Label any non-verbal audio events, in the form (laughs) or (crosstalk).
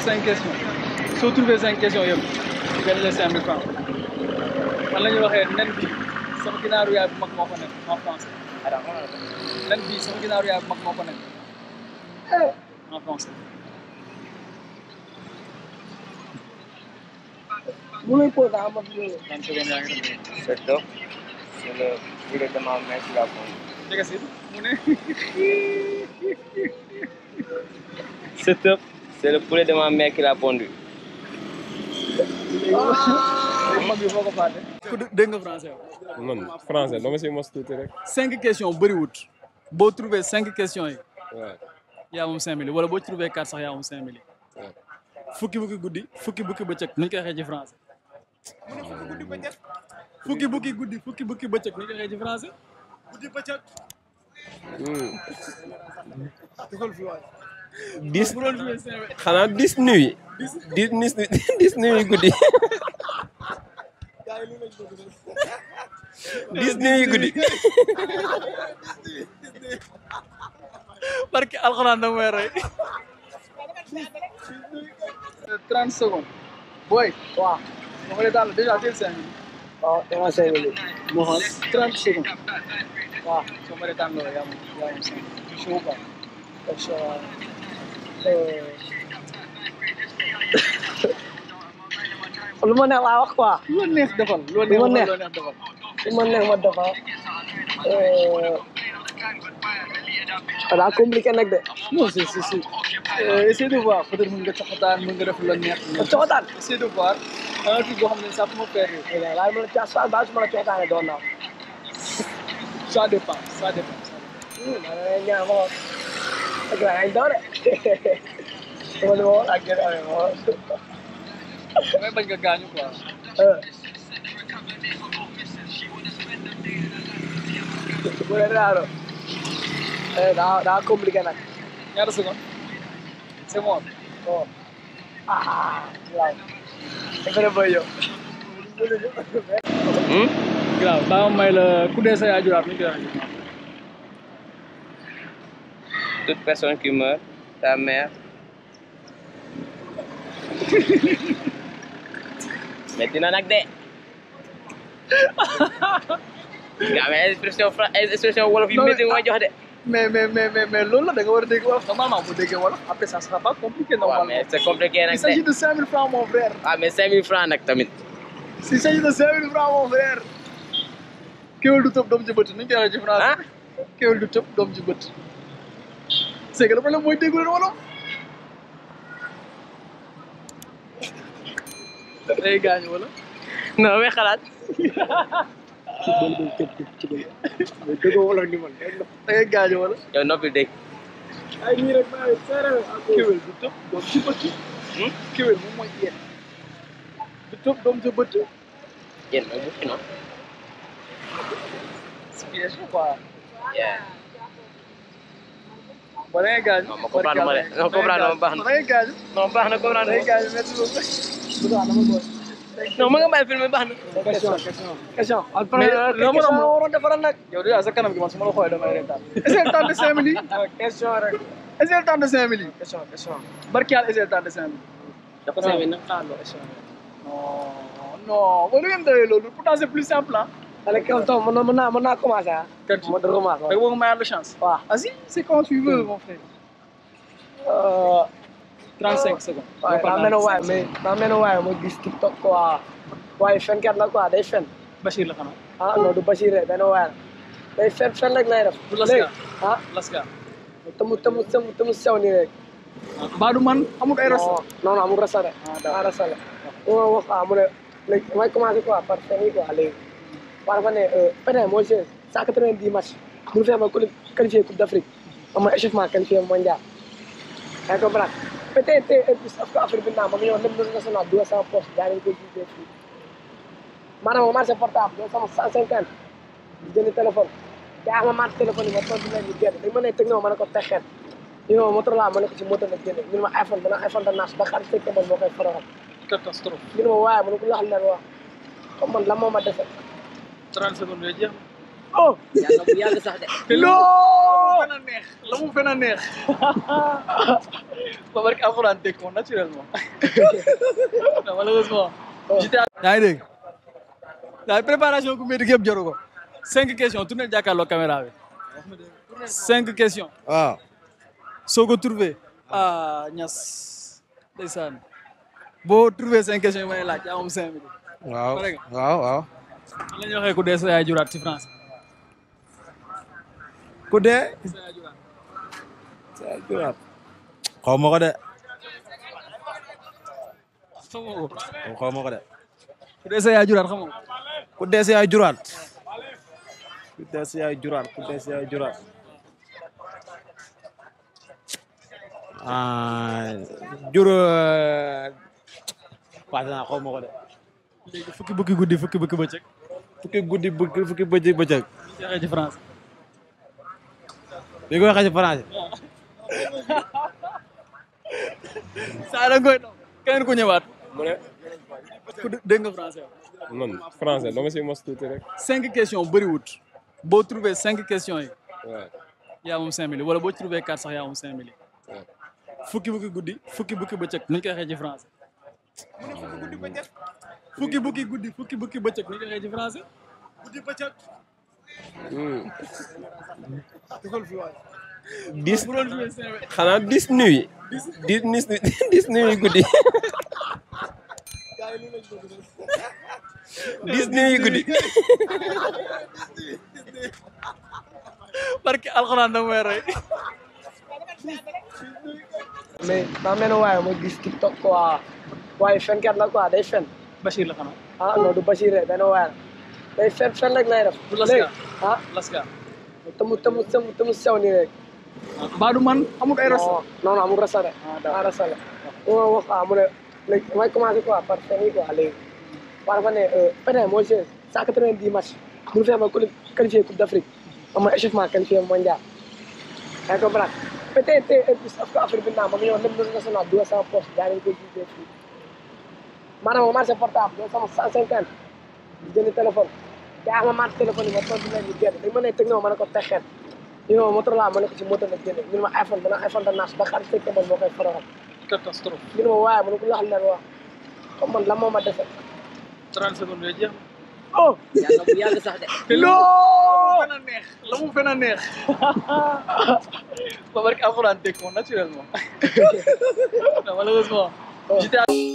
pour cinq questions soo trouvé cinq questions yëpp nga ne la cinq mille francs man la ñuy nen bi sama ginaaru yaay bu mag en français nen bi sama ginaaru yaay bu mag moo ko en français Vous me posez le poulet c'est le poulet de ma mère qui l'a pondu. dégg nga français man français mos tuuti rek. cinq questions bëriwut boo trouvé cinq questions yi. waaw cinq mille wala boo trouvé quatre sax yaa cinq mille. fukki bukki guddi fukki bukki bëccëg nu ñu koy waxee fukki bukki guddi fukki bukki bëccëg nu ñu koy waxee dix xanaa guddi dix nuit guddi barke lu ma neex laa wax quoi. lu ma neex defal lu ma neex defal lu ma neex ma defal. Euh, daa compliqué nag de. non si si si. Euh, essayer de voir peut-être mën nga coxataan mën nga def la neex. coxataan essayer de voir. un truc boo xam ne ça peut me faire. laaj ma la ca soit baa su ma la coxataane doon naa. ça dépend ça dépend. ñaan ma ko. ok ay daw de. dama ne ma woon ak yéen amee ma woon. damay bañ nga gaañu quoi. mu ne Dado. daa daa compliqué nag. ñaata seconde. c'est bon. bon. ah waaw. dafa dem ba yow. waaw daa may la ku dee sa yaay juraat mi ngi koy wax. toute personne qui meurt. ta mère. metti na nag ah, de. nga amee expression fra expression wolof yu métti nga jox de. mais mais mais mais loolu la da nga war a dégg wolof normalement bu déggee wolof après ça sera pas compliqué normalement. waaw mais c'est de cinq mille francs mon frère. waaw mais cinq mille francs nag tamit. il s'agit de cinq mille francs mon ¿Ah? frère. kéwél du tëb doom ji bët nu ñu koy waxee ci français. kéwél du tëb doom ji ségaloo problème mooy déglu wala. day gaañu wala. non mais xalaat. ci bëri ci bëri ci bëri. mais déggoo wala ni man da ngay gaañu wala. yow noppi dégg. ay ñii rek maa ngi seeral kiwel tëb doom ci bëtt. kiwel moom mooy yéen. du doom ci bëtt. yéen moom mu ba da ngay gaañ. non ma comprendre ma de non comprendre ma baax na. da ngay gaañ. non baax na comprendre ma. da ngay gaañ merci beaucoup. non ma nga bàyyi film baax na. question question. mais loo mën a waroon defaral nag. yow déjà sa kanam gi man su ma la xoolee damay retard. est-ce que le temps de cinq minutes. question rek. est-ce que le temps de cinq minutes. question question. barki yàlla est-ce que le temps de cinq minutes. dafa cinq minutes nag xaaral question. non non boo ngeen doyee loolu pourtant c'est plus simple ah. Allez, comme toi, maintenant, maintenant, maintenant, commence, hein. Moi, de remarque. Mais on m'a la chance. Ouais. Vas-y, c'est quand tu veux, mon frère. Euh, 35 secondes. Ouais, ramène au waay, fen kat la, quoi, day fen. Bachir ah, du Bachir, eh, Day fen, fen rek lay def. laska. Ah, laska. Tamu, tamu, tamu, tamu man amul rasa. Non, non, rasa de. Ah, ah rasa la. Mu wax, mu ne, léegi, may par fen yi, quoi, léegi. maanaam kon ne euh, Pétain moo joué cent quatre-vingt-dix match mu fexe ba qualifié Coupe d'Afrique moom mooy échauffement qualifié mondial. yaa ngi ko braak Pétain tey Afrique bi naan ba mu ñëw lépp national dugal sama poche daa leen ko jiitee fii maanaam ma marché portable doon sama cent cinquante jënd téléphone yaa ma marché téléphone yi ma tontu leen di génn dañu ma ne ma ne ko texeet ñu laa ma ne ko ci moto la ma iPhone dana iPhone da naas ba xaar fekk man moo koy faral catastrophe ñu ne ma waaye ma ne ko laxal 30 secondes la jeex. oh bu yàgg sax de. (laughs) non la mu fën neex la mu fën neex. (laughs) ba barke alxuraan dégg naturellement. (laughs) malheureusement. Oh. yaa ngi dégg. la préparation ku métti yëpp jaru cinq questions tourné jàkkaarloo caméra bi. cinq questions. waaw. Ah. soo ko trouvé. ah ñas. Ah, ndeysaan. boo trouvé cinq questions yi may laaj yaa moom cinq minutes. man la ñuy waxee ku dee sa yaay juraat ci français. ku dee. sa ay juraat. xaw ma ko xaw ma ko de. ku dee sa yaay juraat ku dee sa yaay juraat. ku dee sa yaay juraat ku jur. waaw xaw ma de. fukki bëkki guddi fukki bëkki bëccëg. fukki guddi bëgg fukki bëccëg bëccëg. di ko waxee ci français. di ko waxee ci français. saa da ku ñëwaat. mu ne. ku dégg nga français. man mos tuuti cinq questions bëriwut. boo trouvé cinq questions yi. waaw. cinq mille wala boo trouvé quatre sax yaa moom cinq mille. fukki fukki guddi fukki fukki bëccëg. nu ñu koy waxee fukki bukki guddi fukki bukki bëccëg ni ko waxee ci français guddi bëccëg. Hmm. dix xanaa dix nuits. dix dix dix nuits (laughs) guddi. dix nuits guddi. barki alxuraan da may rey. mais daa mel ne waaye ma gis TikTok quoi waaye fenkat la quoi day fen. Bachir la xanaa. ah non du Bachir rek benn waay la day fen fen rek lay def. du Laska ah Laska. te mu te mu te mu sew nii rek. mbaa du man amul ay rasa. non non amul rasa de. ah, ah rasa la mu wax ah mu ne léegi damay commencé quoi par fen yi quoi léegi. waa dafa ne euh, Pétain moo joué cent quatre-vingt-dix match mu fexe ba qualifié coupe d'Afrique am na échauffement qualifié mondial. yaa ngi ko braak Pétain tey heure bii Afrique bi naan ba mu ñëw lépp national bi 200 poches daa leen koy jiitee fii. maanaam marché portable ñoom sama 150 jënd téléphone te ama marché téléphone yi ma tontu leen ñu génn dañu ma ne techno ma ne ko texeet ñu ne ma moto laa ma ne ko ci moto la génne ñu ne ma iPhone dana iPhone da naas ba xar sëñ Kamal moo koy faral. catastrophe ñu ne ma waaye ma ne ko lax leen wax comme man la moo ma dese. 30 secondes lay jeex. oh yàlla bu yàgg sax de. (laughs) non la mu gën a neex la mu gën a neex. ba barke alxuraan dégg ko naturellement. (laughs) malheureusement. Oh.